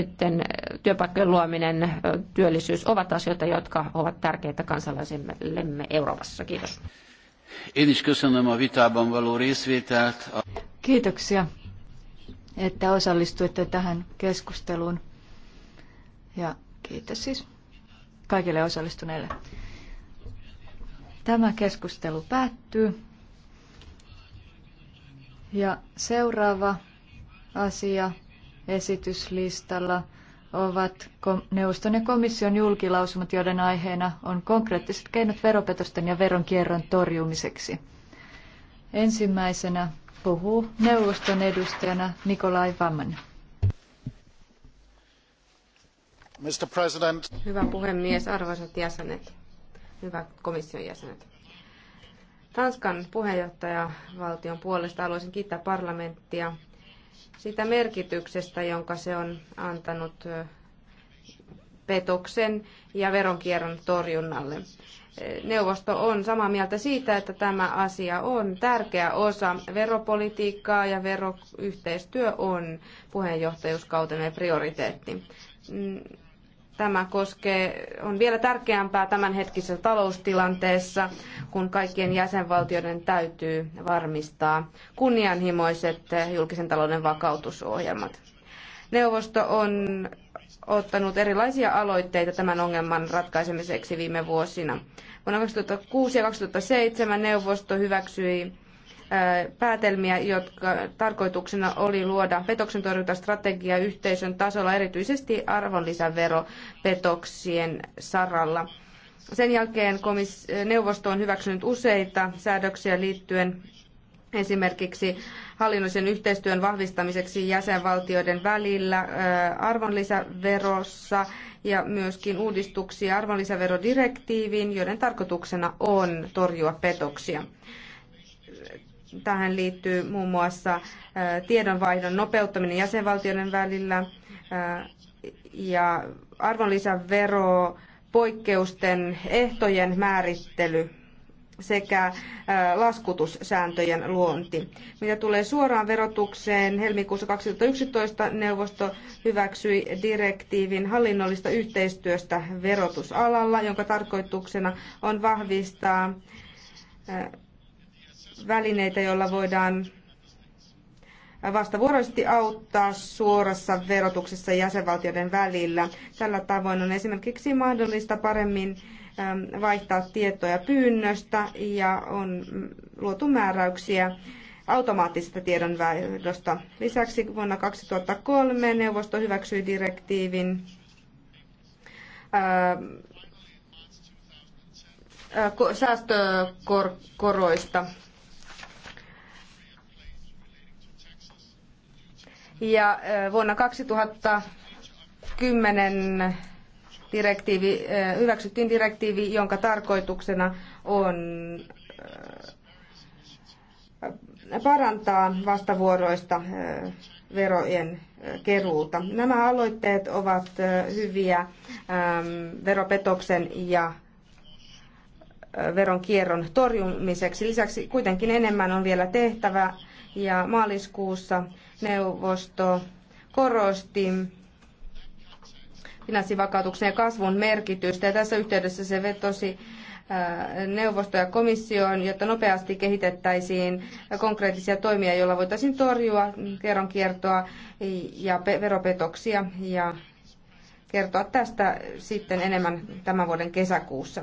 Nyt työpaikkojen luominen, työllisyys ovat asioita, jotka ovat tärkeitä kansalaisillemme Euroopassa. Kiitos. Kiitoksia, että osallistuitte tähän keskusteluun. Ja kiitos siis kaikille osallistuneille. Tämä keskustelu päättyy. Ja seuraava asia esityslistalla ovat neuvoston ja komission julkilausumat, joiden aiheena on konkreettiset keinot veropetosten ja veronkierron torjumiseksi. Ensimmäisenä puhuu neuvoston edustajana Nikolai Vamman. Mr. President. Hyvä puhemies, arvoisat jäsenet, hyvät komission jäsenet. Tanskan puheenjohtajavaltion puolesta haluaisin kiittää parlamenttia sitä merkityksestä, jonka se on antanut petoksen ja veronkierron torjunnalle. Neuvosto on samaa mieltä siitä, että tämä asia on tärkeä osa veropolitiikkaa ja veroyhteistyö on puheenjohtajuuskautemme prioriteetti. Mm, Tämä koskee, on vielä tärkeämpää tämänhetkisessä taloustilanteessa, kun kaikkien jäsenvaltioiden täytyy varmistaa kunnianhimoiset julkisen talouden vakautusohjelmat. Neuvosto on ottanut erilaisia aloitteita tämän ongelman ratkaisemiseksi viime vuosina. Vuonna 2006 ja 2007 neuvosto hyväksyi päätelmiä, jotka tarkoituksena oli luoda petoksen torjuntastrategia yhteisön tasolla, erityisesti arvonlisäveropetoksien saralla. Sen jälkeen komis- neuvosto on hyväksynyt useita säädöksiä liittyen esimerkiksi hallinnollisen yhteistyön vahvistamiseksi jäsenvaltioiden välillä arvonlisäverossa ja myöskin uudistuksia arvonlisäverodirektiiviin, joiden tarkoituksena on torjua petoksia. Tähän liittyy muun muassa äh, tiedonvaihdon nopeuttaminen jäsenvaltioiden välillä äh, ja arvonlisävero poikkeusten ehtojen määrittely sekä äh, laskutussääntöjen luonti. Mitä tulee suoraan verotukseen, helmikuussa 2011 neuvosto hyväksyi direktiivin hallinnollista yhteistyöstä verotusalalla, jonka tarkoituksena on vahvistaa välineitä, joilla voidaan vastavuoroisesti auttaa suorassa verotuksessa jäsenvaltioiden välillä. Tällä tavoin on esimerkiksi mahdollista paremmin vaihtaa tietoja pyynnöstä ja on luotu määräyksiä automaattisesta tiedonvaihdosta. Lisäksi vuonna 2003 neuvosto hyväksyi direktiivin säästökoroista. Ja vuonna 2010 direktiivi, hyväksyttiin direktiivi, jonka tarkoituksena on parantaa vastavuoroista verojen keruuta. Nämä aloitteet ovat hyviä veropetoksen ja veronkierron torjumiseksi. Lisäksi kuitenkin enemmän on vielä tehtävä ja maaliskuussa neuvosto korosti finanssivakautuksen ja kasvun merkitystä. Ja tässä yhteydessä se vetosi äh, neuvosto ja komissioon, jotta nopeasti kehitettäisiin konkreettisia toimia, joilla voitaisiin torjua veronkiertoa ja veropetoksia ja kertoa tästä sitten enemmän tämän vuoden kesäkuussa.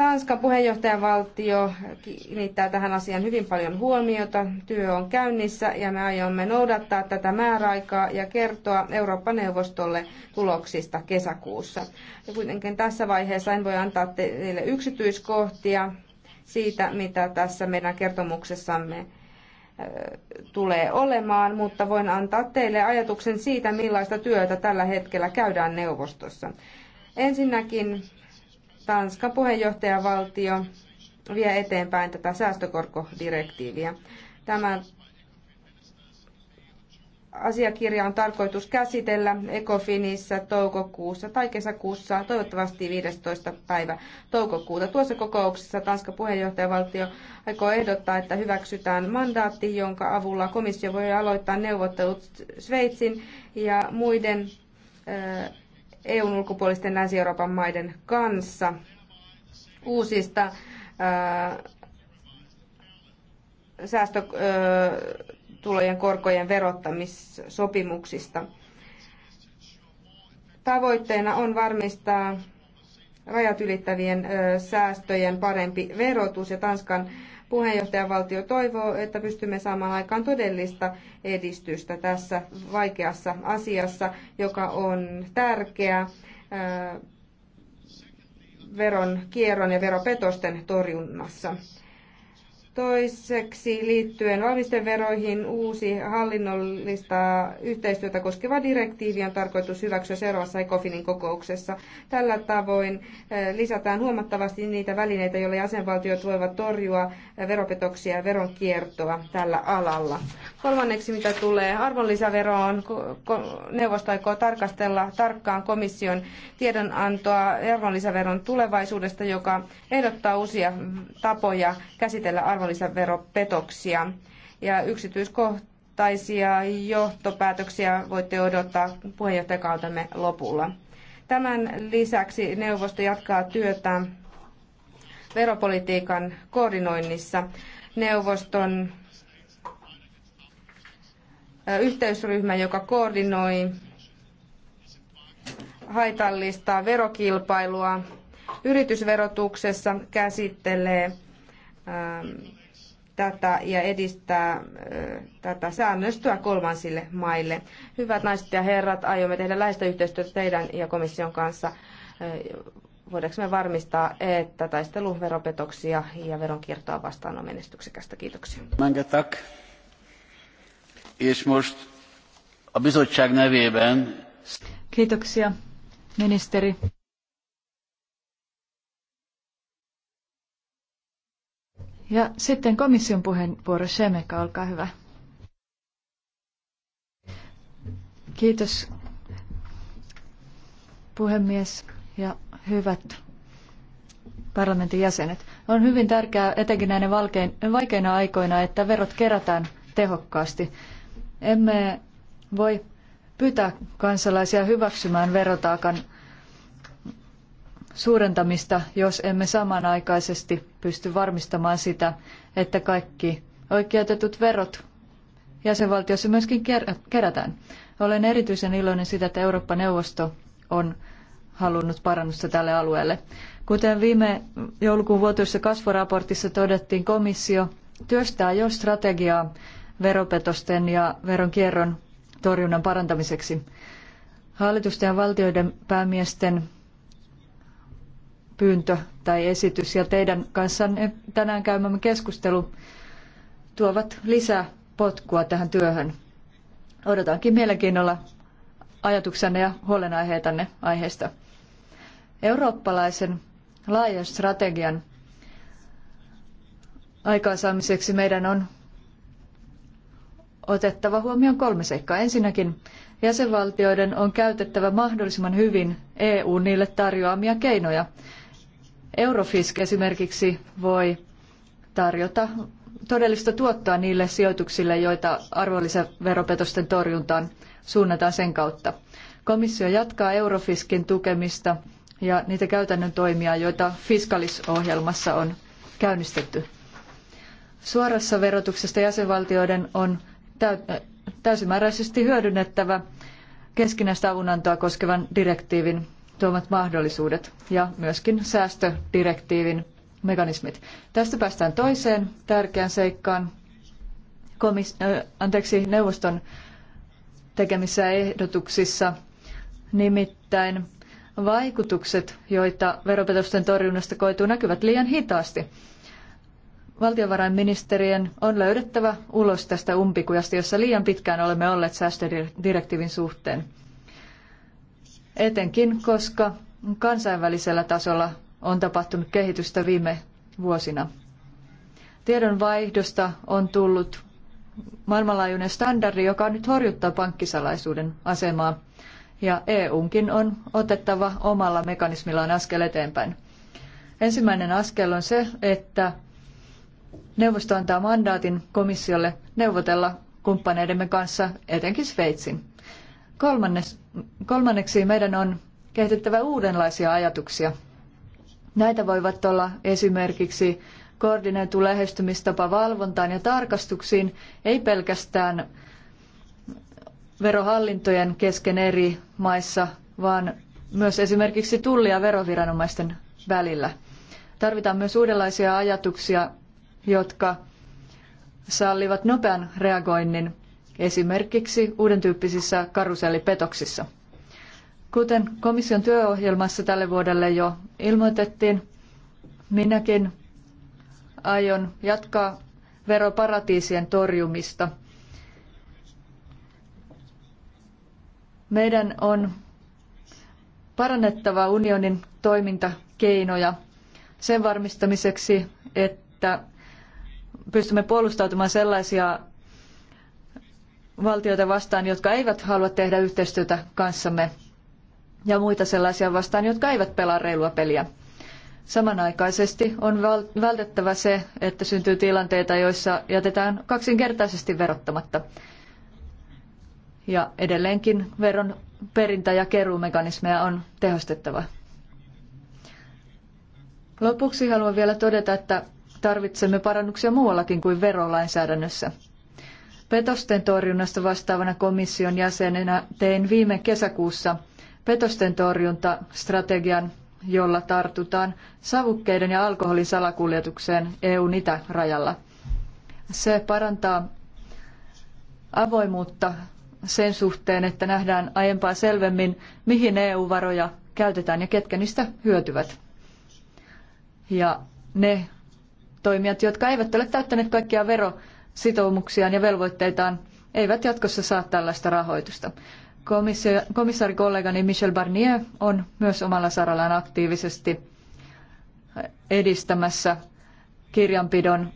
Tanska puheenjohtajavaltio kiinnittää tähän asiaan hyvin paljon huomiota. Työ on käynnissä ja me aiomme noudattaa tätä määräaikaa ja kertoa Eurooppa-neuvostolle tuloksista kesäkuussa. Ja kuitenkin tässä vaiheessa en voi antaa teille yksityiskohtia siitä, mitä tässä meidän kertomuksessamme tulee olemaan, mutta voin antaa teille ajatuksen siitä, millaista työtä tällä hetkellä käydään neuvostossa. Ensinnäkin Tanska puheenjohtajavaltio vie eteenpäin tätä säästökorkodirektiiviä. Tämä asiakirja on tarkoitus käsitellä Ecofinissä toukokuussa tai kesäkuussa, toivottavasti 15. päivä toukokuuta. Tuossa kokouksessa tanska puheenjohtajavaltio aikoo ehdottaa, että hyväksytään mandaatti, jonka avulla komissio voi aloittaa neuvottelut Sveitsin ja muiden EUn ulkopuolisten Länsi-Euroopan maiden kanssa uusista ää, äh, säästötulojen äh, korkojen verottamissopimuksista. Tavoitteena on varmistaa rajat ylittävien äh, säästöjen parempi verotus ja Tanskan Puheenjohtajavaltio toivoo, että pystymme saamaan aikaan todellista edistystä tässä vaikeassa asiassa, joka on tärkeä äh, veron kierron ja veropetosten torjunnassa. Toiseksi liittyen valmisteveroihin uusi hallinnollista yhteistyötä koskeva direktiivi on tarkoitus hyväksyä seuraavassa ECOFINin kokouksessa. Tällä tavoin äh, lisätään huomattavasti niitä välineitä, joilla jäsenvaltiot voivat torjua veropetoksia ja veronkiertoa tällä alalla. Kolmanneksi, mitä tulee arvonlisäveroon, neuvosto aikoo tarkastella tarkkaan komission tiedonantoa arvonlisäveron tulevaisuudesta, joka ehdottaa uusia tapoja käsitellä arvonlisäveropetoksia. Ja yksityiskohtaisia johtopäätöksiä voitte odottaa puheenjohtajakautemme lopulla. Tämän lisäksi neuvosto jatkaa työtä veropolitiikan koordinoinnissa. Neuvoston yhteysryhmä, joka koordinoi haitallista verokilpailua yritysverotuksessa, käsittelee ähm, tätä ja edistää tätä säännöstöä kolmansille maille. Hyvät naiset ja herrat, aiomme tehdä läheistä yhteistyötä teidän ja komission kanssa voidaanko me varmistaa, että taistelu veropetoksia ja veronkiertoa vastaan on menestyksekästä. Kiitoksia. Mange tack. És most a bizottság nevében... Kiitoksia, ministeri. Ja sitten komission puheenvuoro Shemeka, olkaa hyvä. Kiitos, puhemies ja hyvät parlamentin jäsenet. On hyvin tärkeää etenkin näinä vaikeina aikoina, että verot kerätään tehokkaasti. Emme voi pyytää kansalaisia hyväksymään verotaakan suurentamista, jos emme samanaikaisesti pysty varmistamaan sitä, että kaikki oikeutetut verot jäsenvaltiossa myöskin kerätään. Olen erityisen iloinen siitä, että Eurooppa-neuvosto on halunnut parannusta tälle alueelle. Kuten viime joulukuun vuotuisessa kasvoraportissa todettiin, komissio työstää jo strategiaa veropetosten ja veronkierron torjunnan parantamiseksi. Hallitusten ja valtioiden päämiesten pyyntö tai esitys ja teidän kanssanne tänään käymämme keskustelu tuovat lisää potkua tähän työhön. Odotankin mielenkiinnolla ajatuksenne ja huolenaiheitanne aiheesta eurooppalaisen laajan strategian aikaansaamiseksi meidän on otettava huomioon kolme seikkaa. Ensinnäkin jäsenvaltioiden on käytettävä mahdollisimman hyvin EU niille tarjoamia keinoja. Eurofisk esimerkiksi voi tarjota todellista tuottoa niille sijoituksille, joita arvonlisäveropetosten torjuntaan suunnataan sen kautta. Komissio jatkaa Eurofiskin tukemista ja niitä käytännön toimia, joita fiskalisohjelmassa on käynnistetty. Suorassa verotuksesta jäsenvaltioiden on äh, täysimääräisesti hyödynnettävä keskinäistä avunantoa koskevan direktiivin tuomat mahdollisuudet ja myöskin säästödirektiivin mekanismit. Tästä päästään toiseen tärkeään seikkaan, komis- äh, anteeksi, neuvoston tekemissä ehdotuksissa, nimittäin vaikutukset, joita veropetosten torjunnasta koituu, näkyvät liian hitaasti. Valtiovarainministerien on löydettävä ulos tästä umpikujasta, jossa liian pitkään olemme olleet säästödirektiivin suhteen. Etenkin, koska kansainvälisellä tasolla on tapahtunut kehitystä viime vuosina. Tiedonvaihdosta on tullut maailmanlaajuinen standardi, joka nyt horjuttaa pankkisalaisuuden asemaa ja EUnkin on otettava omalla mekanismillaan askel eteenpäin. Ensimmäinen askel on se, että neuvosto antaa mandaatin komissiolle neuvotella kumppaneidemme kanssa, etenkin Sveitsin. kolmanneksi meidän on kehitettävä uudenlaisia ajatuksia. Näitä voivat olla esimerkiksi koordinoitu lähestymistapa valvontaan ja tarkastuksiin, ei pelkästään verohallintojen kesken eri maissa, vaan myös esimerkiksi tulli- ja veroviranomaisten välillä. Tarvitaan myös uudenlaisia ajatuksia, jotka sallivat nopean reagoinnin esimerkiksi uuden tyyppisissä karusellipetoksissa. Kuten komission työohjelmassa tälle vuodelle jo ilmoitettiin, minäkin aion jatkaa veroparatiisien torjumista – Meidän on parannettava unionin toimintakeinoja sen varmistamiseksi, että pystymme puolustautumaan sellaisia valtioita vastaan, jotka eivät halua tehdä yhteistyötä kanssamme ja muita sellaisia vastaan, jotka eivät pelaa reilua peliä. Samanaikaisesti on vältettävä se, että syntyy tilanteita, joissa jätetään kaksinkertaisesti verottamatta. Ja edelleenkin veron perintä- ja keruumekanismeja on tehostettava. Lopuksi haluan vielä todeta, että tarvitsemme parannuksia muuallakin kuin verolainsäädännössä. Petosten torjunnasta vastaavana komission jäsenenä tein viime kesäkuussa petosten torjuntastrategian, jolla tartutaan savukkeiden ja alkoholin salakuljetukseen EUn itärajalla. Se parantaa avoimuutta sen suhteen, että nähdään aiempaa selvemmin, mihin EU-varoja käytetään ja ketkä niistä hyötyvät. Ja ne toimijat, jotka eivät ole täyttäneet kaikkia verositoumuksiaan ja velvoitteitaan, eivät jatkossa saa tällaista rahoitusta. Komissaarikollegani Michel Barnier on myös omalla sarallaan aktiivisesti edistämässä kirjanpidon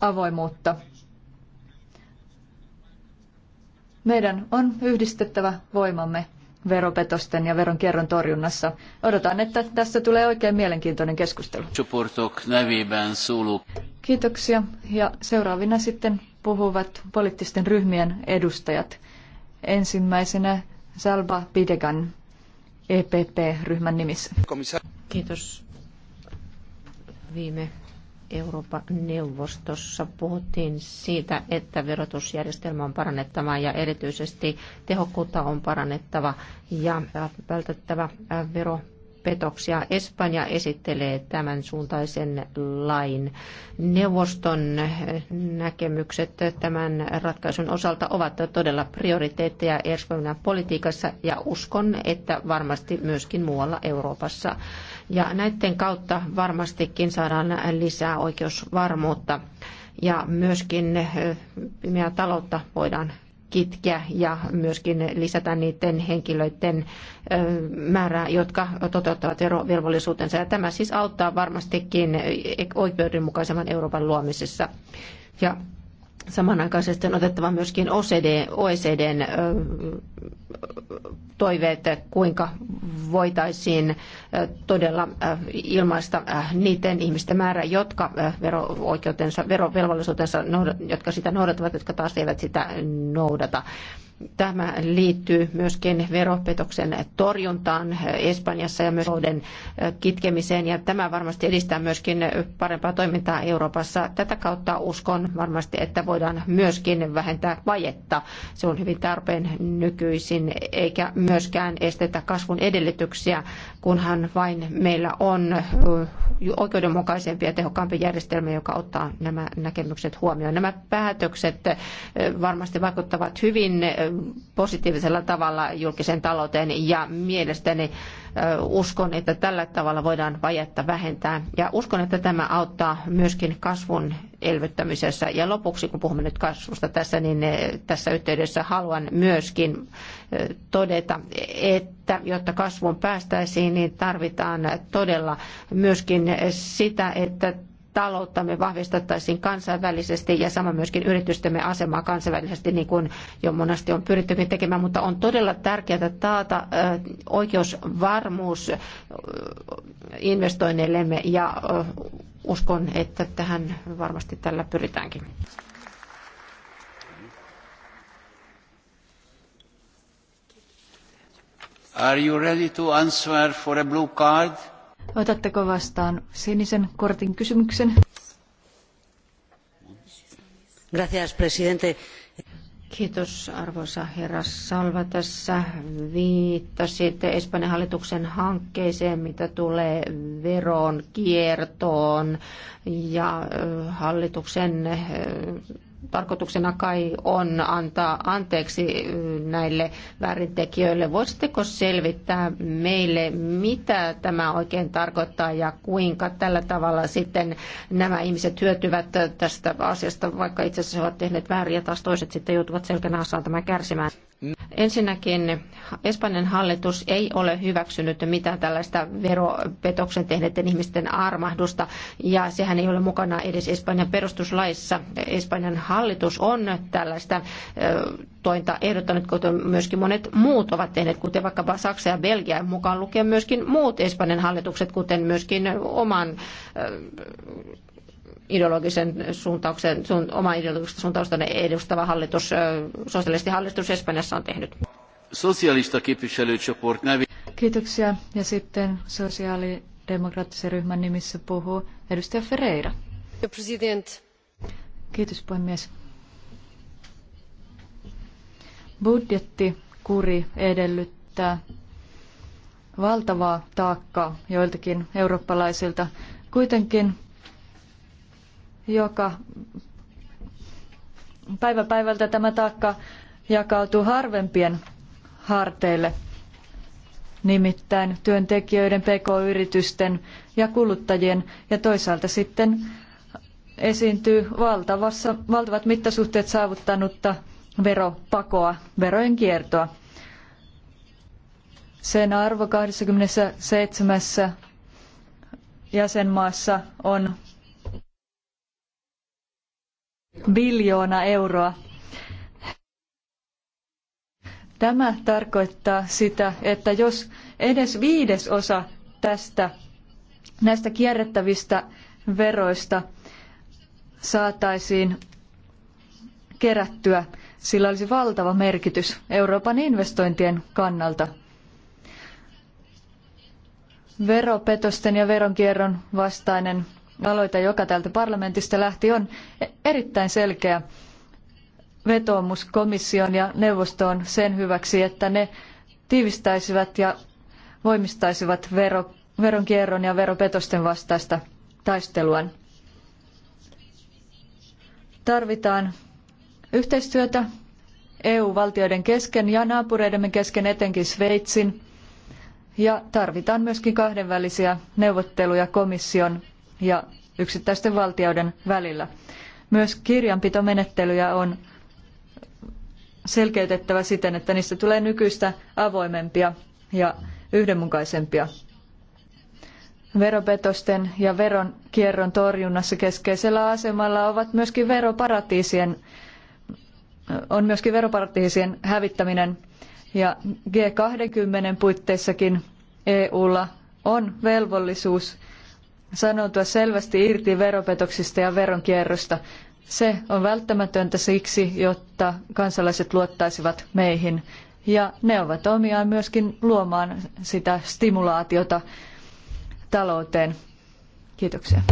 avoimuutta Meidän on yhdistettävä voimamme veropetosten ja veronkierron torjunnassa. Odotan, että tässä tulee oikein mielenkiintoinen keskustelu. Kiitoksia. Ja seuraavina sitten puhuvat poliittisten ryhmien edustajat. Ensimmäisenä Salva Pidegan EPP-ryhmän nimissä. Kiitos. Viime Euroopan neuvostossa puhuttiin siitä, että verotusjärjestelmä on parannettava ja erityisesti tehokkuutta on parannettava ja vältettävä vero petoksia. Espanja esittelee tämän suuntaisen lain. Neuvoston näkemykset tämän ratkaisun osalta ovat todella prioriteetteja Espanjan politiikassa ja uskon, että varmasti myöskin muualla Euroopassa. Ja näiden kautta varmastikin saadaan lisää oikeusvarmuutta ja myöskin eh, pimeää taloutta voidaan kitkeä ja myöskin lisätä niiden henkilöiden määrää, jotka toteuttavat verovelvollisuutensa. Ja tämä siis auttaa varmastikin oikeudenmukaisemman Euroopan luomisessa. Ja Samanaikaisesti on otettava myöskin OCD, OECDn toiveet, kuinka voitaisiin todella ilmaista niiden ihmisten määrä, jotka vero-oikeutensa, verovelvollisuutensa, jotka sitä noudattavat, jotka taas eivät sitä noudata. Tämä liittyy myöskin veropetoksen torjuntaan Espanjassa ja myös talouden kitkemiseen ja tämä varmasti edistää myöskin parempaa toimintaa Euroopassa. Tätä kautta uskon varmasti, että voidaan myöskin vähentää vajetta. Se on hyvin tarpeen nykyisin eikä myöskään estetä kasvun edellytyksiä, kunhan vain meillä on oikeudenmukaisempi ja tehokkaampi järjestelmä, joka ottaa nämä näkemykset huomioon. Nämä päätökset varmasti vaikuttavat hyvin positiivisella tavalla julkiseen talouteen ja mielestäni uskon, että tällä tavalla voidaan vajetta vähentää ja uskon, että tämä auttaa myöskin kasvun elvyttämisessä. Ja lopuksi, kun puhumme nyt kasvusta tässä, niin tässä yhteydessä haluan myöskin todeta, että jotta kasvuun päästäisiin, niin tarvitaan todella myöskin sitä, että talouttamme vahvistettaisiin kansainvälisesti ja sama myöskin yritystemme asemaa kansainvälisesti, niin kuin jo monesti on pyrittykin tekemään, mutta on todella tärkeää taata oikeusvarmuus investoinneillemme ja uskon, että tähän varmasti tällä pyritäänkin. Are you ready to answer for a blue card? Otatteko vastaan sinisen kortin kysymyksen? Gracias, presidente. Kiitos arvoisa herra Salva. Tässä viittasit Espanjan hallituksen hankkeeseen, mitä tulee veron kiertoon ja hallituksen tarkoituksena kai on antaa anteeksi näille väärintekijöille. Voisitteko selvittää meille, mitä tämä oikein tarkoittaa ja kuinka tällä tavalla sitten nämä ihmiset hyötyvät tästä asiasta, vaikka itse asiassa he ovat tehneet vääriä, taas toiset sitten joutuvat selkänä tämän kärsimään? Ensinnäkin Espanjan hallitus ei ole hyväksynyt mitään tällaista veropetoksen tehneiden ihmisten armahdusta, ja sehän ei ole mukana edes Espanjan perustuslaissa. Espanjan hallitus on tällaista tointa ehdottanut, kuten myöskin monet muut ovat tehneet, kuten vaikkapa Saksa ja Belgia, mukaan lukien myöskin muut Espanjan hallitukset, kuten myöskin oman ideologisen suuntauksen, sun, oma ideologista suuntausta edustava hallitus, sosialisti hallitus Espanjassa on tehnyt. Sosialista képviselőcsoport nevi. Kiitoksia. Ja sitten sosiaalidemokraattisen ryhmän nimissä puhuu edustaja Ferreira. President. Kiitos puhemies. Budjettikuri edellyttää valtavaa taakkaa joiltakin eurooppalaisilta. Kuitenkin joka päivä päivältä tämä taakka jakautuu harvempien harteille, nimittäin työntekijöiden, pk-yritysten ja kuluttajien ja toisaalta sitten esiintyy valtavassa, valtavat mittasuhteet saavuttanutta veropakoa, verojen kiertoa. Sen arvo 27 jäsenmaassa on biljoona euroa. Tämä tarkoittaa sitä, että jos edes viidesosa tästä näistä kierrättävistä veroista saataisiin kerättyä, sillä olisi valtava merkitys Euroopan investointien kannalta. Veropetosten ja veronkierron vastainen aloite, joka täältä parlamentista lähti, on erittäin selkeä vetoomus komission ja neuvostoon sen hyväksi, että ne tiivistäisivät ja voimistaisivat vero, veronkierron ja veropetosten vastaista taisteluaan. Tarvitaan yhteistyötä EU-valtioiden kesken ja naapureidemme kesken, etenkin Sveitsin, ja tarvitaan myöskin kahdenvälisiä neuvotteluja komission ja yksittäisten valtioiden välillä. Myös kirjanpitomenettelyjä on selkeytettävä siten, että niistä tulee nykyistä avoimempia ja yhdenmukaisempia. Veropetosten ja veronkierron torjunnassa keskeisellä asemalla ovat myöskin veroparatiisien, on myöskin veroparatiisien hävittäminen ja G20 puitteissakin EUlla on velvollisuus sanoutua selvästi irti veropetoksista ja veronkierrosta. Se on välttämätöntä siksi, jotta kansalaiset luottaisivat meihin. Ja ne ovat omiaan myöskin luomaan sitä stimulaatiota talouteen. Kiitoksia.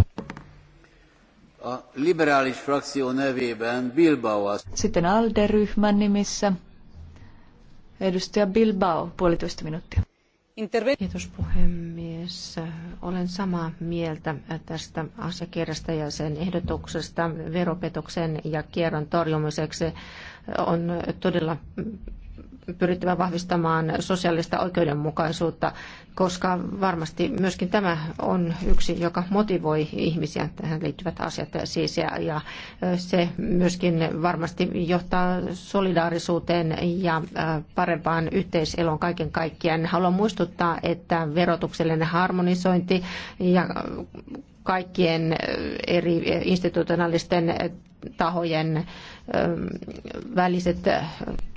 Sitten ALDE-ryhmän nimissä edustaja Bilbao, puolitoista minuuttia. Kiitos puhemies. Olen samaa mieltä tästä asiakirjasta ja sen ehdotuksesta veropetoksen ja kierron torjumiseksi. On todella pyrittävä vahvistamaan sosiaalista oikeudenmukaisuutta, koska varmasti myöskin tämä on yksi, joka motivoi ihmisiä tähän liittyvät asiat siis, ja, ja se myöskin varmasti johtaa solidaarisuuteen ja parempaan yhteiseloon kaiken kaikkiaan. Haluan muistuttaa, että verotuksellinen harmonisointi ja kaikkien eri institutionaalisten tahojen väliset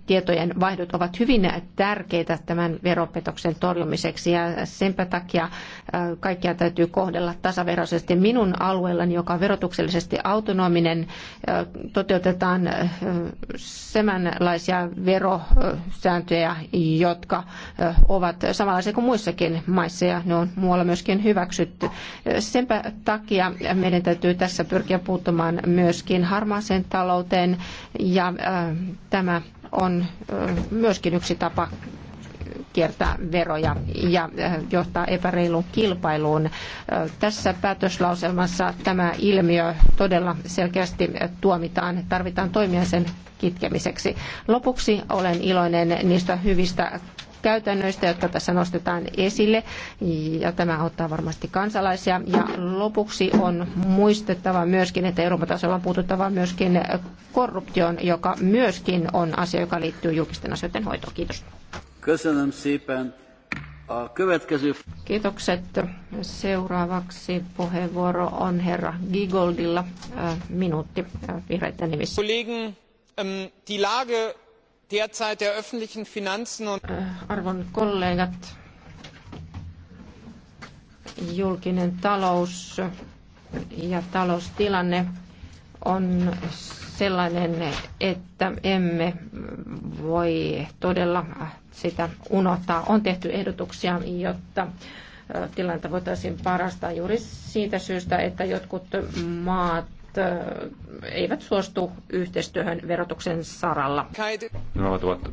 tietojen vaihdot ovat hyvin tärkeitä tämän veropetoksen torjumiseksi ja senpä takia kaikkia täytyy kohdella tasaveroisesti. Minun alueellani, joka on verotuksellisesti autonominen, toteutetaan semänlaisia verosääntöjä, jotka ovat samanlaisia kuin muissakin maissa ja ne on muualla myöskin hyväksytty. Senpä takia meidän täytyy tässä pyrkiä puuttumaan myöskin harmaaseen talouteen ja tämä on myöskin yksi tapa kiertää veroja ja johtaa epäreiluun kilpailuun. Tässä päätöslauselmassa tämä ilmiö todella selkeästi tuomitaan. Tarvitaan toimia sen kitkemiseksi. Lopuksi olen iloinen niistä hyvistä käytännöistä, jotka tässä nostetaan esille, ja tämä auttaa varmasti kansalaisia. Ja lopuksi on muistettava myöskin, että Euroopan tasolla on puututtava myöskin korruptioon, joka myöskin on asia, joka liittyy julkisten asioiden hoitoon. Kiitos. Kiitokset. Seuraavaksi puheenvuoro on herra Gigoldilla. Minuutti vihreiden nimissä. Kollegen, ähm, die Lage Äh, arvon kollegat, julkinen talous ja taloustilanne on sellainen, että emme voi todella sitä unohtaa. On tehty ehdotuksia, jotta äh, tilannetta voitaisiin parastaa juuri siitä syystä, että jotkut maat eivät suostu yhteistyöhön verotuksen saralla. Nämä ovat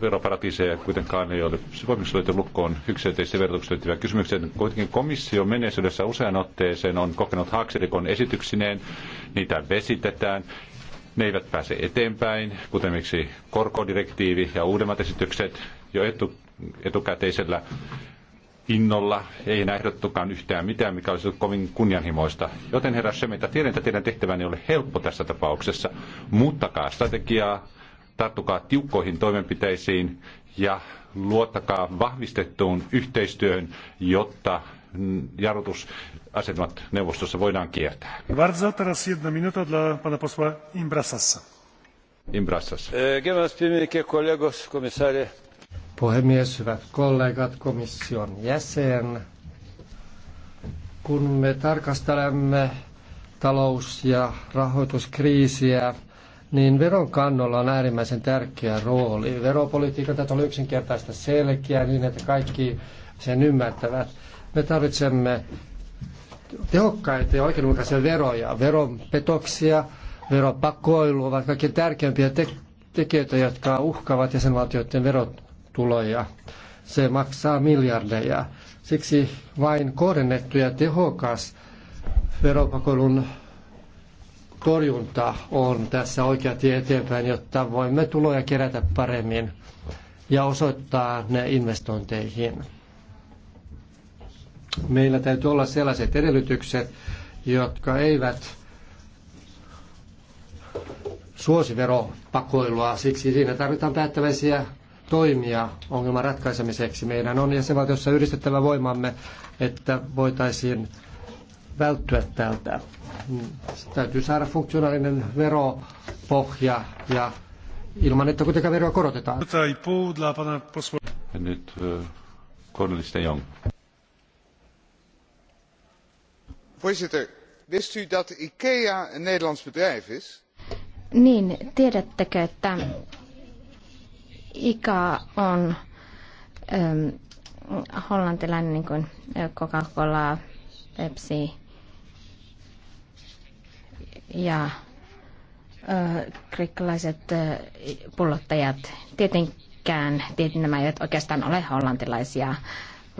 veroparatiiseja kuitenkaan ei ole. Se voi löyty lukkoon yksityisesti verotuksesta liittyviä kysymyksiä. Kuitenkin komissio menneisyydessä usean otteeseen on kokenut haaksirikon esityksineen. Niitä vesitetään ne eivät pääse eteenpäin, kuten miksi korkodirektiivi ja uudemmat esitykset jo etu, etukäteisellä innolla, ei enää ehdottukaan yhtään mitään, mikä olisi kovin kunnianhimoista. Joten herra Semeta, tiedän, että teidän tehtävänne ei ole helppo tässä tapauksessa. Muuttakaa strategiaa, tarttukaa tiukkoihin toimenpiteisiin ja luottakaa vahvistettuun yhteistyöhön, jotta jarrutusasetelmat neuvostossa voidaan kiertää. Bardzo, teraz jedna minuta dla pana posła Imbrasassa. Imbrasassa. E, gerbiamas pirmininkė, kolegos, Puhemies, hyvät kollegat, komission jäsen. Kun me tarkastelemme talous- ja rahoituskriisiä, niin veron kannolla on äärimmäisen tärkeä rooli. Veropolitiikan täytyy olla yksinkertaista selkeä niin, että kaikki sen ymmärtävät. Me tarvitsemme tehokkaita ja oikeudenmukaisia veroja, veropetoksia, veropakoilu ovat kaikkein tärkeimpiä tekijöitä, jotka uhkaavat jäsenvaltioiden verot tuloja. Se maksaa miljardeja. Siksi vain kohdennettu ja tehokas veropakoilun torjunta on tässä oikea tie eteenpäin, jotta voimme tuloja kerätä paremmin ja osoittaa ne investointeihin. Meillä täytyy olla sellaiset edellytykset, jotka eivät suosiveropakoilua. Siksi siinä tarvitaan päättäväisiä toimia ongelman ratkaisemiseksi. Meidän on jäsenvaltiossa yhdistettävä voimamme, että voitaisiin välttyä tältä. Täytyy saada funktionaalinen veropohja ja ilman, että kuitenkaan veroa korotetaan. nyt Cornelista Jong. Voorzitter, wist u dat IKEA een Nederlands bedrijf is? Niin, tiedättekö, että Ika on ähm, hollantilainen niin kuin Coca-Cola, Pepsi ja äh, kreikkalaiset äh, pullottajat. Tietenkään tietenkään nämä eivät oikeastaan ole hollantilaisia,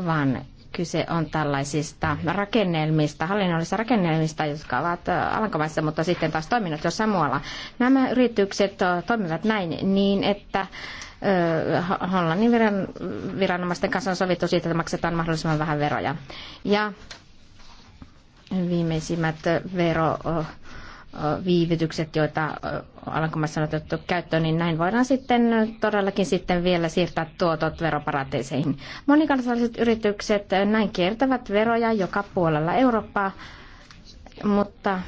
vaan Kyse on tällaisista rakennelmista, hallinnollisista rakennelmista, jotka ovat Alankomaissa, mutta sitten taas toiminut jossain muualla. Nämä yritykset toimivat näin niin, että Hollannin viranomaisten kanssa on sovittu siitä, että maksetaan mahdollisimman vähän veroja. Ja viimeisimmät vero viivytykset, joita Alankomaissa on otettu käyttöön, niin näin voidaan sitten todellakin sitten vielä siirtää tuotot veroparateiseihin. Monikansalliset yritykset näin kiertävät veroja joka puolella Eurooppaa, mutta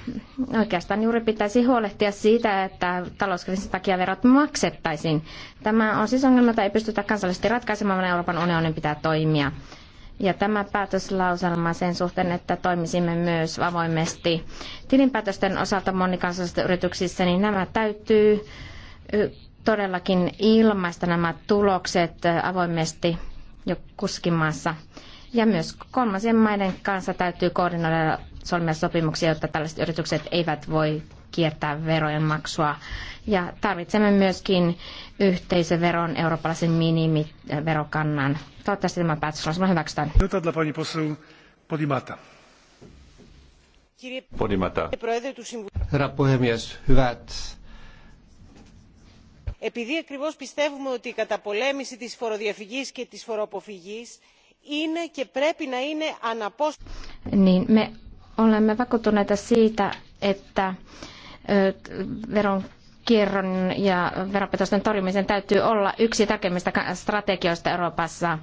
oikeastaan juuri pitäisi huolehtia siitä, että talouskriisin takia verot maksettaisiin. Tämä on siis ongelma, jota ei pystytä kansallisesti ratkaisemaan, vaan Euroopan unionin pitää toimia. Ja tämä päätöslauselma sen suhteen, että toimisimme myös avoimesti tilinpäätösten osalta monikansallisissa yrityksissä, niin nämä täytyy todellakin ilmaista nämä tulokset avoimesti jo kuskin maassa. Ja myös kolmansien maiden kanssa täytyy koordinoida solmia sopimuksia, jotta tällaiset yritykset eivät voi kiertää verojen maksua. Ja tarvitsemme myöskin yhteisöveron eurooppalaisen minimiverokannan. Toivottavasti tämä on hyväksytään. Podimata. Herra puhemies, hyvät επειδή ακριβώς πιστεύουμε ότι η καταπολέμηση της φοροδιαφυγής και της φοροαποφυγής είναι και πρέπει να είναι Niin me olemme vakuuttuneita siitä, että veron kierron ja veropetosten torjumisen täytyy olla yksi tärkeimmistä strategioista Euroopassa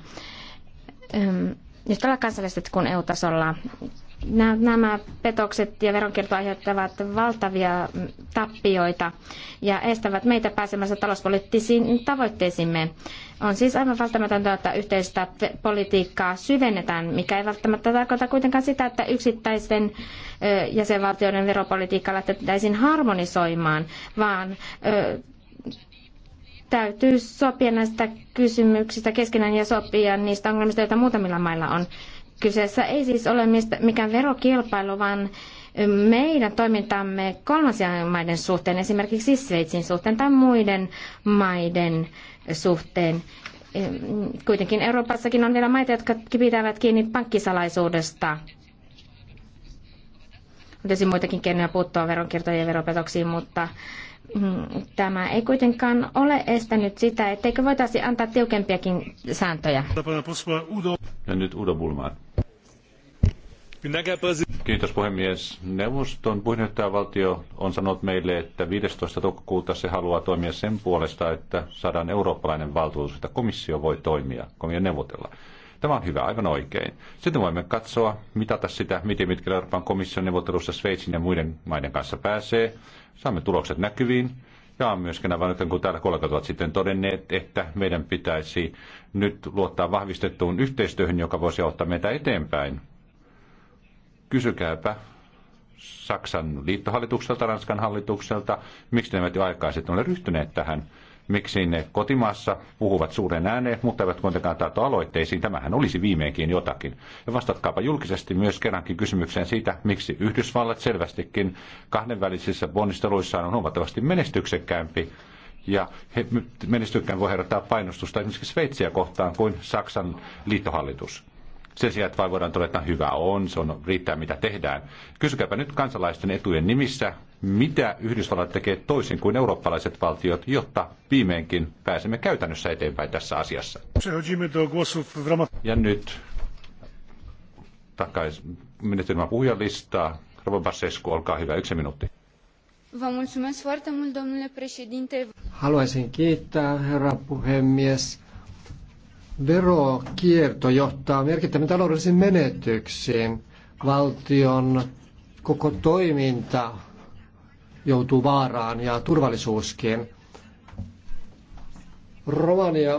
yhtä lailla kansallisesti kuin EU-tasolla nämä petokset ja veronkierto aiheuttavat valtavia tappioita ja estävät meitä pääsemästä talouspoliittisiin tavoitteisimme. On siis aivan välttämätöntä, että yhteistä politiikkaa syvennetään, mikä ei välttämättä tarkoita kuitenkaan sitä, että yksittäisten jäsenvaltioiden veropolitiikkaa lähtettäisiin harmonisoimaan, vaan täytyy sopia näistä kysymyksistä keskenään ja sopia niistä ongelmista, joita muutamilla mailla on. Kyseessä ei siis ole mistä, mikään verokilpailu, vaan meidän toimintamme kolmansien maiden suhteen, esimerkiksi Sveitsin suhteen tai muiden maiden suhteen. Kuitenkin Euroopassakin on vielä maita, jotka pitävät kiinni pankkisalaisuudesta. On tietysti muitakin keinoja puuttua veronkiertoihin ja veropetoksiin, mutta Mm, tämä ei kuitenkaan ole estänyt sitä, etteikö voitaisiin antaa tiukempiakin sääntöjä. Ja nyt Udo Bulman. Kiitos puhemies. Neuvoston puheenjohtajavaltio on sanonut meille, että 15. toukokuuta se haluaa toimia sen puolesta, että saadaan eurooppalainen valtuutus, että komissio voi toimia, komissio neuvotella. Tämä on hyvä, aivan oikein. Sitten voimme katsoa, mitata sitä, miten mitkä Euroopan komission neuvottelussa Sveitsin ja muiden maiden kanssa pääsee saamme tulokset näkyviin. Ja myöskin että kun täällä kollegat ovat sitten todenneet, että meidän pitäisi nyt luottaa vahvistettuun yhteistyöhön, joka voisi auttaa meitä eteenpäin. Kysykääpä Saksan liittohallitukselta, Ranskan hallitukselta, miksi ne eivät jo aikaisemmin ole ryhtyneet tähän miksi ne kotimaassa puhuvat suuren ääneen, mutta eivät kuitenkaan taito aloitteisiin. Tämähän olisi viimeinkin jotakin. Ja vastatkaapa julkisesti myös kerrankin kysymykseen siitä, miksi Yhdysvallat selvästikin kahdenvälisissä ponnisteluissaan on huomattavasti menestyksekkäämpi ja he menestykään voi herättää painostusta esimerkiksi Sveitsiä kohtaan kuin Saksan liittohallitus sen sijaan, että vain voidaan todeta, että hyvä on, se on, riittää mitä tehdään. Kysykääpä nyt kansalaisten etujen nimissä, mitä Yhdysvallat tekee toisin kuin eurooppalaiset valtiot, jotta viimeinkin pääsemme käytännössä eteenpäin tässä asiassa. Ja nyt takaisin menetelmän puhujalistaa. Rova Basescu, olkaa hyvä, yksi minuutti. Haluaisin kiittää, herra puhemies. Verokierto johtaa merkittäviin taloudellisiin menetyksiin. Valtion koko toiminta joutuu vaaraan ja turvallisuuskin. Romania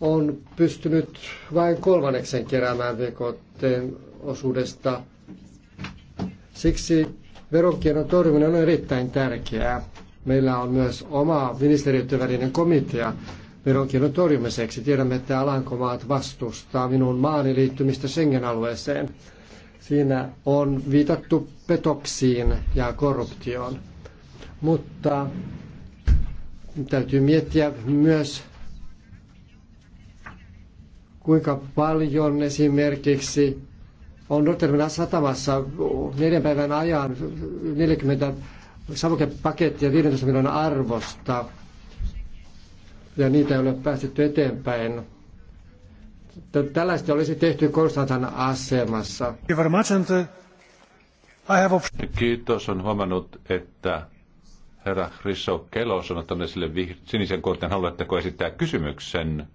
on pystynyt vain kolmanneksen keräämään VKTn osuudesta. Siksi veronkierron torjuminen on erittäin tärkeää. Meillä on myös oma ministeriötyvälinen komitea, on torjumiseksi. Tiedämme, että Alankomaat vastustaa minun maani liittymistä Schengen-alueeseen. Siinä on viitattu petoksiin ja korruptioon. Mutta täytyy miettiä myös, kuinka paljon esimerkiksi on Rotterdamin satamassa neljän päivän ajan 40 savukepakettia 15 miljoonan arvosta ja niitä ei ole päästetty eteenpäin. Tällaista olisi tehty Konstantan asemassa. Uh, Kiitos. On huomannut, että herra Risso Kelos on ottanut esille sinisen kortin. Haluatteko esittää kysymyksen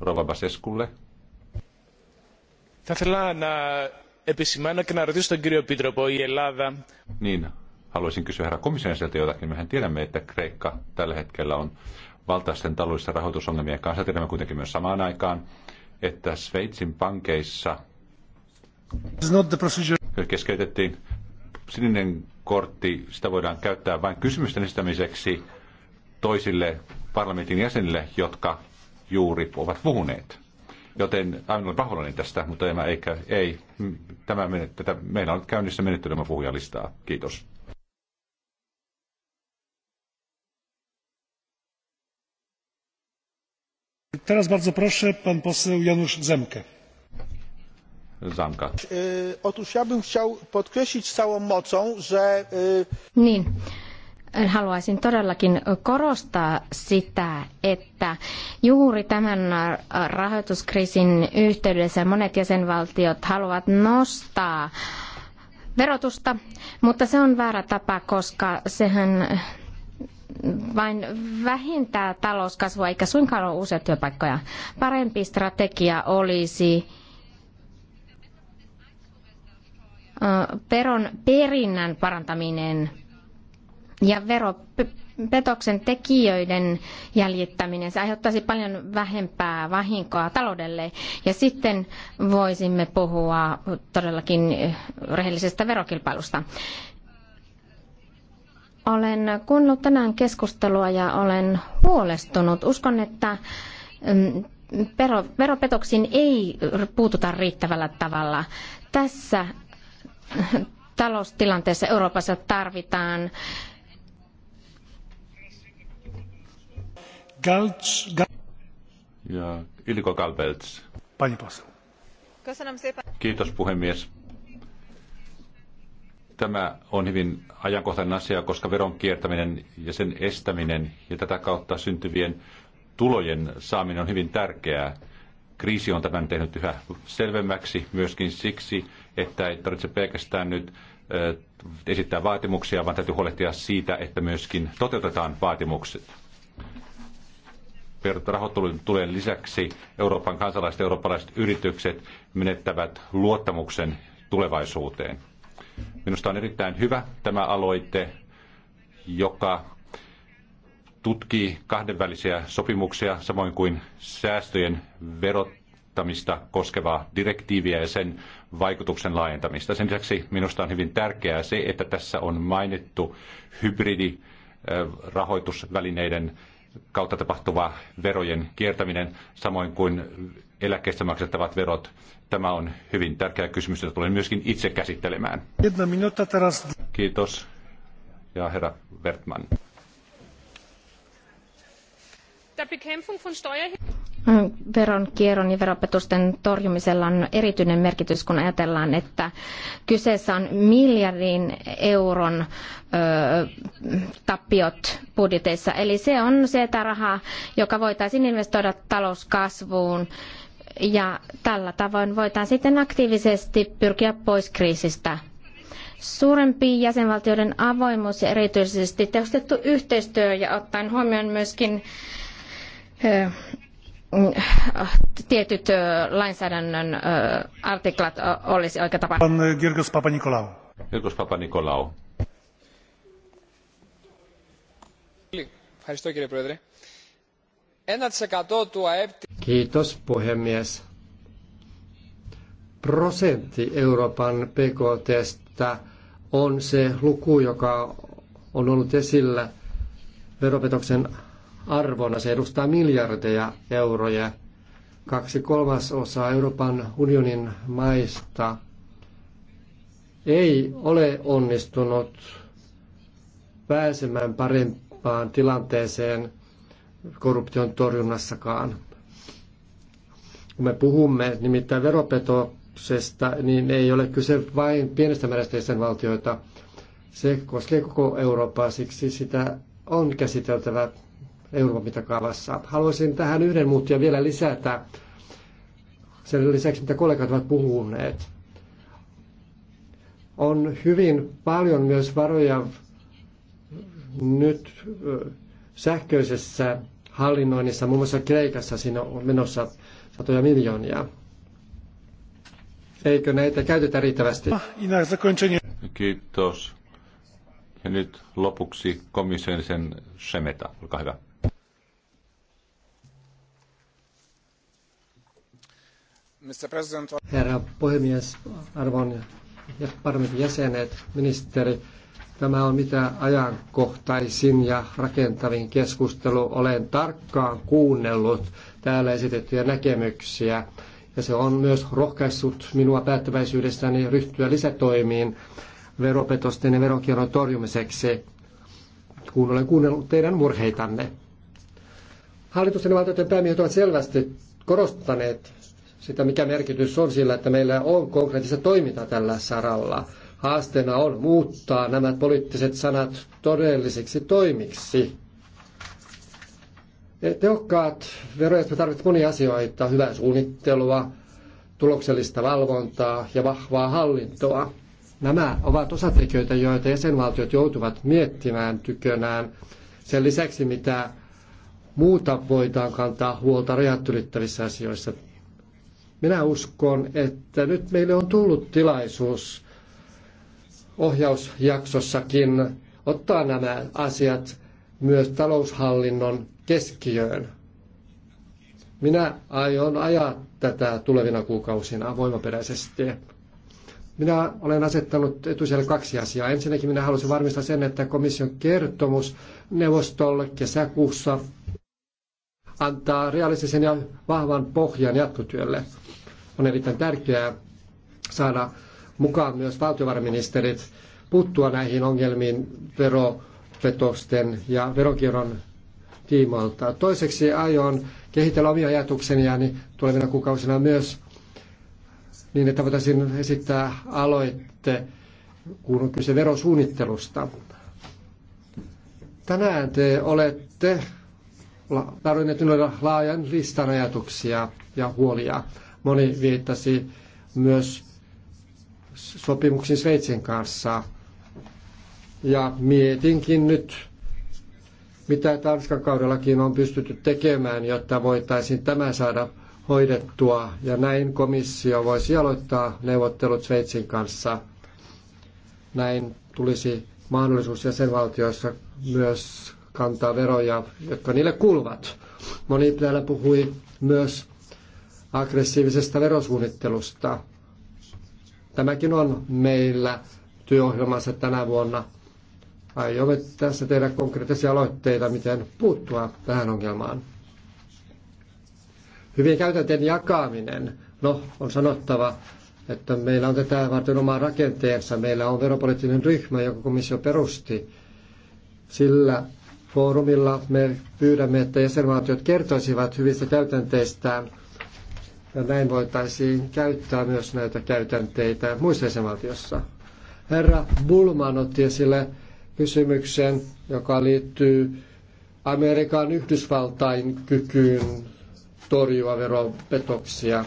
Rova Baseskulle? Niin, haluaisin kysyä herra komissioniselta jotakin. Mehän tiedämme, että Kreikka tällä hetkellä on valtaisten taloudellisten rahoitusongelmien kanssa. Tiedämme kuitenkin myös samaan aikaan, että Sveitsin pankeissa keskeytettiin sininen kortti, sitä voidaan käyttää vain kysymysten esittämiseksi toisille parlamentin jäsenille, jotka juuri ovat puhuneet. Joten aivan olen pahoillani tästä, mutta ei, eikä, ei, tämä tätä, meillä on käynnissä menettelymäpuhujalistaa. Kiitos. Teraz bardzo proszę pan poseł Janusz Zemke. Zamka. Otóż ja bym chciał podkreślić z całą mocą, że... Niin. Haluaisin todellakin korostaa sitä, että juuri tämän rahoituskriisin yhteydessä monet jäsenvaltiot haluavat nostaa verotusta, mutta se on väärä tapa, koska sehän vain vähentää talouskasvua eikä suinkaan ole uusia työpaikkoja. Parempi strategia olisi veron perinnän parantaminen ja veropetoksen tekijöiden jäljittäminen. Se aiheuttaisi paljon vähempää vahinkoa taloudelle ja sitten voisimme puhua todellakin rehellisestä verokilpailusta. Olen kuunnellut tänään keskustelua ja olen huolestunut. Uskon, että mm, veropetoksiin ei puututa riittävällä tavalla. Tässä taloustilanteessa Euroopassa tarvitaan Galtz, ja Ilko Kiitos puhemies. Tämä on hyvin ajankohtainen asia, koska veron kiertäminen ja sen estäminen ja tätä kautta syntyvien tulojen saaminen on hyvin tärkeää. Kriisi on tämän tehnyt yhä selvemmäksi myöskin siksi, että ei tarvitse pelkästään nyt äh, esittää vaatimuksia, vaan täytyy huolehtia siitä, että myöskin toteutetaan vaatimukset. Rahoittelun tulee lisäksi Euroopan kansalaiset ja eurooppalaiset yritykset menettävät luottamuksen tulevaisuuteen. Minusta on erittäin hyvä tämä aloite, joka tutkii kahdenvälisiä sopimuksia, samoin kuin säästöjen verottamista koskevaa direktiiviä ja sen vaikutuksen laajentamista. Sen lisäksi minusta on hyvin tärkeää se, että tässä on mainittu hybridirahoitusvälineiden kautta tapahtuva verojen kiertäminen, samoin kuin eläkkeestä maksettavat verot. Tämä on hyvin tärkeä kysymys, jota tulen myöskin itse käsittelemään. Kiitos. Ja herra Veron Veronkierron ja veropetusten torjumisella on erityinen merkitys, kun ajatellaan, että kyseessä on miljardin euron ö, tappiot budjeteissa. Eli se on se rahaa, joka voitaisiin investoida talouskasvuun ja tällä tavoin voidaan sitten aktiivisesti pyrkiä pois kriisistä. Suurempi jäsenvaltioiden avoimuus ja erityisesti tehostettu yhteistyö ja ottaen huomioon myöskin äh, tietyt lainsäädännön artiklat olisi oikea tapa. On Papa Nikolau. Girgos Papa Nikolaou. Ευχαριστώ κύριε 1% Kiitos puhemies. Prosentti Euroopan PKTstä on se luku, joka on ollut esillä veropetoksen arvona. Se edustaa miljardeja euroja. Kaksi kolmasosaa Euroopan unionin maista ei ole onnistunut pääsemään parempaan tilanteeseen korruption torjunnassakaan. Kun me puhumme nimittäin veropetoksesta, niin ei ole kyse vain pienestä määrästä jäsenvaltioita. Se koskee koko Eurooppaa, siksi sitä on käsiteltävä Euroopan mittakaavassa. Haluaisin tähän yhden muuttia vielä lisätä sen lisäksi, mitä kollegat ovat puhuneet. On hyvin paljon myös varoja nyt sähköisessä hallinnoinnissa, muun muassa Kreikassa siinä on menossa satoja miljoonia. Eikö näitä käytetä riittävästi? Ah, Kiitos. Ja nyt lopuksi komission sen Semeta, olkaa hyvä. Herra puhemies, arvon ja parlamentin jäsenet, ministeri, Tämä on mitä ajankohtaisin ja rakentavin keskustelu. Olen tarkkaan kuunnellut täällä esitettyjä näkemyksiä ja se on myös rohkaissut minua päättäväisyydestäni ryhtyä lisätoimiin veropetosten ja veronkierron torjumiseksi, kun olen kuunnellut teidän murheitanne. Hallitusten ja valtioiden päämiehet ovat selvästi korostaneet sitä, mikä merkitys on sillä, että meillä on konkreettista toimintaa tällä saralla – Haasteena on muuttaa nämä poliittiset sanat todellisiksi toimiksi. E, tehokkaat verojat tarvitsevat monia asioita, hyvää suunnittelua, tuloksellista valvontaa ja vahvaa hallintoa. Nämä ovat osatekijöitä, joita jäsenvaltiot joutuvat miettimään tykönään. Sen lisäksi, mitä muuta voidaan kantaa huolta rajat ylittävissä asioissa. Minä uskon, että nyt meille on tullut tilaisuus ohjausjaksossakin ottaa nämä asiat myös taloushallinnon keskiöön. Minä aion ajaa tätä tulevina kuukausina voimaperäisesti. Minä olen asettanut etusijalle kaksi asiaa. Ensinnäkin minä haluaisin varmistaa sen, että komission kertomus neuvostolle kesäkuussa antaa realistisen ja vahvan pohjan jatkotyölle. On erittäin tärkeää saada mukaan myös valtiovarainministerit puuttua näihin ongelmiin veropetosten ja veronkierron tiimoilta. Toiseksi aion kehitellä omia ajatukseni tulevina kuukausina myös niin, että voitaisiin esittää aloitte, kun on kyse verosuunnittelusta. Tänään te olette tarvinneet minulle laajan listan ajatuksia ja huolia. Moni viittasi myös sopimuksen Sveitsin kanssa. Ja mietinkin nyt, mitä Tanskan kaudellakin on pystytty tekemään, jotta voitaisiin tämä saada hoidettua. Ja näin komissio voisi aloittaa neuvottelut Sveitsin kanssa. Näin tulisi mahdollisuus jäsenvaltioissa myös kantaa veroja, jotka niille kuuluvat. Moni täällä puhui myös aggressiivisesta verosuunnittelusta. Tämäkin on meillä työohjelmassa tänä vuonna. Aiomme tässä tehdä konkreettisia aloitteita, miten puuttua tähän ongelmaan. Hyvien käytäntöjen jakaminen. No, on sanottava, että meillä on tätä varten oma rakenteensa. Meillä on veropoliittinen ryhmä, joka komissio perusti. Sillä foorumilla me pyydämme, että jäsenvaltiot kertoisivat hyvistä käytänteistään – ja näin voitaisiin käyttää myös näitä käytänteitä muissa jäsenvaltiossa. Herra Bulman otti esille kysymyksen, joka liittyy Amerikan Yhdysvaltain kykyyn torjua veropetoksia.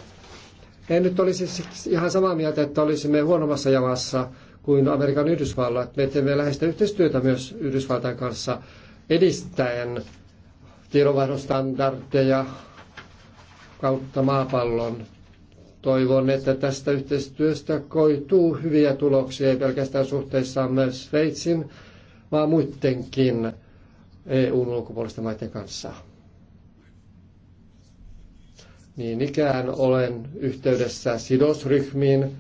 En nyt olisi ihan samaa mieltä, että olisimme huonommassa jamassa kuin Amerikan Yhdysvallat. Me teemme läheistä yhteistyötä myös Yhdysvaltain kanssa edistäen tiedonvaihdostandardeja, kautta maapallon. Toivon, että tästä yhteistyöstä koituu hyviä tuloksia, ei pelkästään suhteissaan myös Sveitsin, vaan muidenkin EUn ulkopuolisten maiden kanssa. Niin ikään olen yhteydessä sidosryhmiin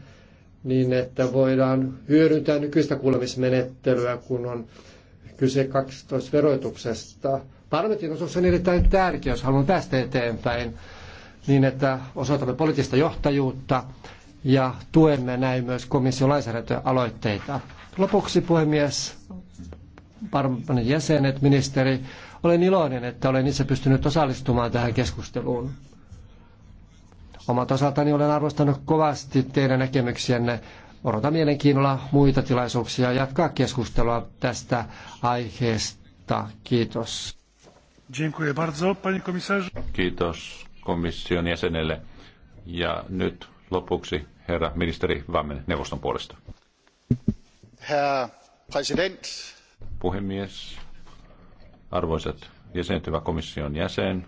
niin, että voidaan hyödyntää nykyistä kuulemismenettelyä, kun on kyse 12 verotuksesta. Parlamentin osuus on erittäin tärkeä, jos haluan päästä eteenpäin niin, että osoitamme poliittista johtajuutta ja tuemme näin myös komission lainsäädäntöaloitteita. Lopuksi puhemies, parlamentin jäsenet, ministeri, olen iloinen, että olen itse pystynyt osallistumaan tähän keskusteluun. Omalta osaltani olen arvostanut kovasti teidän näkemyksiänne. Odotan mielenkiinnolla muita tilaisuuksia jatkaa keskustelua tästä aiheesta. Kiitos. Kiitos, komission jäsenelle. Ja nyt lopuksi herra ministeri Vammen neuvoston puolesta. Herr president. Puhemies, arvoisat jäsenet, hyvä komission jäsen.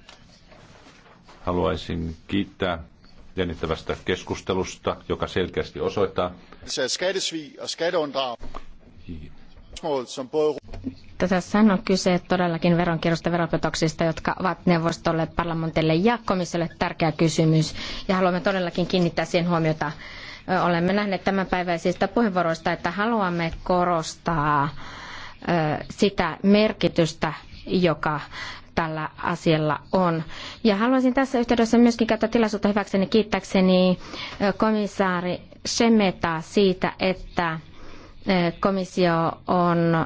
Haluaisin kiittää jännittävästä keskustelusta, joka selkeästi osoittaa, että tässä on kyse todellakin veronkierrosta veropetoksista, jotka ovat neuvostolle, parlamentille ja komissiolle tärkeä kysymys. Ja haluamme todellakin kiinnittää siihen huomiota. Olemme nähneet tämänpäiväisistä puheenvuoroista, että haluamme korostaa sitä merkitystä, joka tällä asialla on. Ja haluaisin tässä yhteydessä myöskin käyttää tilaisuutta hyväkseni kiittääkseni komissaari Shemetaa siitä, että komissio on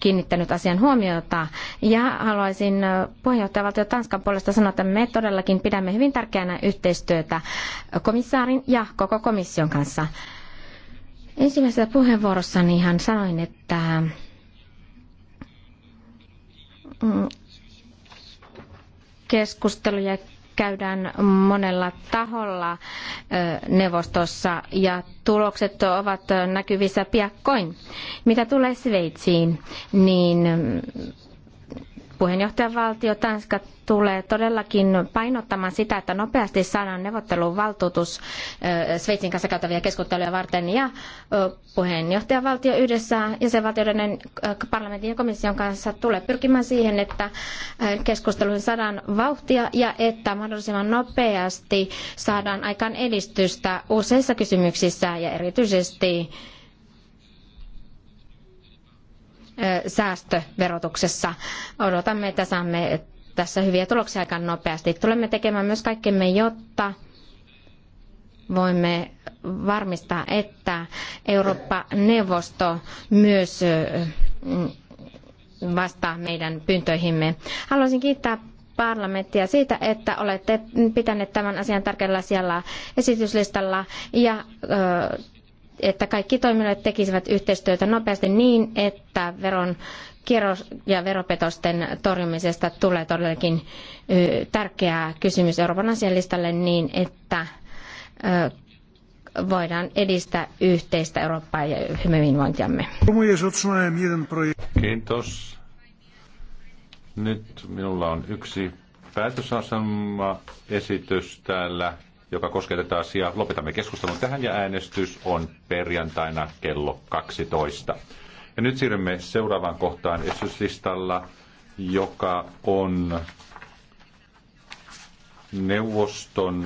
kiinnittänyt asian huomiota. Ja haluaisin puheenjohtajavaltio Tanskan puolesta sanoa, että me todellakin pidämme hyvin tärkeänä yhteistyötä komissaarin ja koko komission kanssa. Ensimmäisessä puheenvuorossani ihan sanoin, että mm, keskustelu ja käydään monella taholla neuvostossa ja tulokset ovat näkyvissä piakkoin. Mitä tulee Sveitsiin, niin Puheenjohtajavaltio Tanska tulee todellakin painottamaan sitä, että nopeasti saadaan neuvottelun valtuutus Sveitsin kanssa käytäviä keskusteluja varten ja puheenjohtajavaltio yhdessä jäsenvaltioiden parlamentin ja komission kanssa tulee pyrkimään siihen, että keskusteluihin saadaan vauhtia ja että mahdollisimman nopeasti saadaan aikaan edistystä useissa kysymyksissä ja erityisesti säästöverotuksessa. Odotamme, että saamme tässä hyviä tuloksia aika nopeasti. Tulemme tekemään myös kaikkemme, jotta voimme varmistaa, että Eurooppa-neuvosto myös vastaa meidän pyyntöihimme. Haluaisin kiittää parlamenttia siitä, että olette pitäneet tämän asian tärkeällä siellä esityslistalla ja että kaikki toimijat tekisivät yhteistyötä nopeasti niin, että veron ja veropetosten torjumisesta tulee todellakin tärkeä kysymys Euroopan asialistalle niin, että voidaan edistää yhteistä Eurooppaa ja hyvinvointiamme. Kiitos. Nyt minulla on yksi päätösasema esitys täällä joka koskee tätä asiaa. Lopetamme keskustelun tähän ja äänestys on perjantaina kello 12. Ja nyt siirrymme seuraavaan kohtaan esityslistalla, joka on neuvoston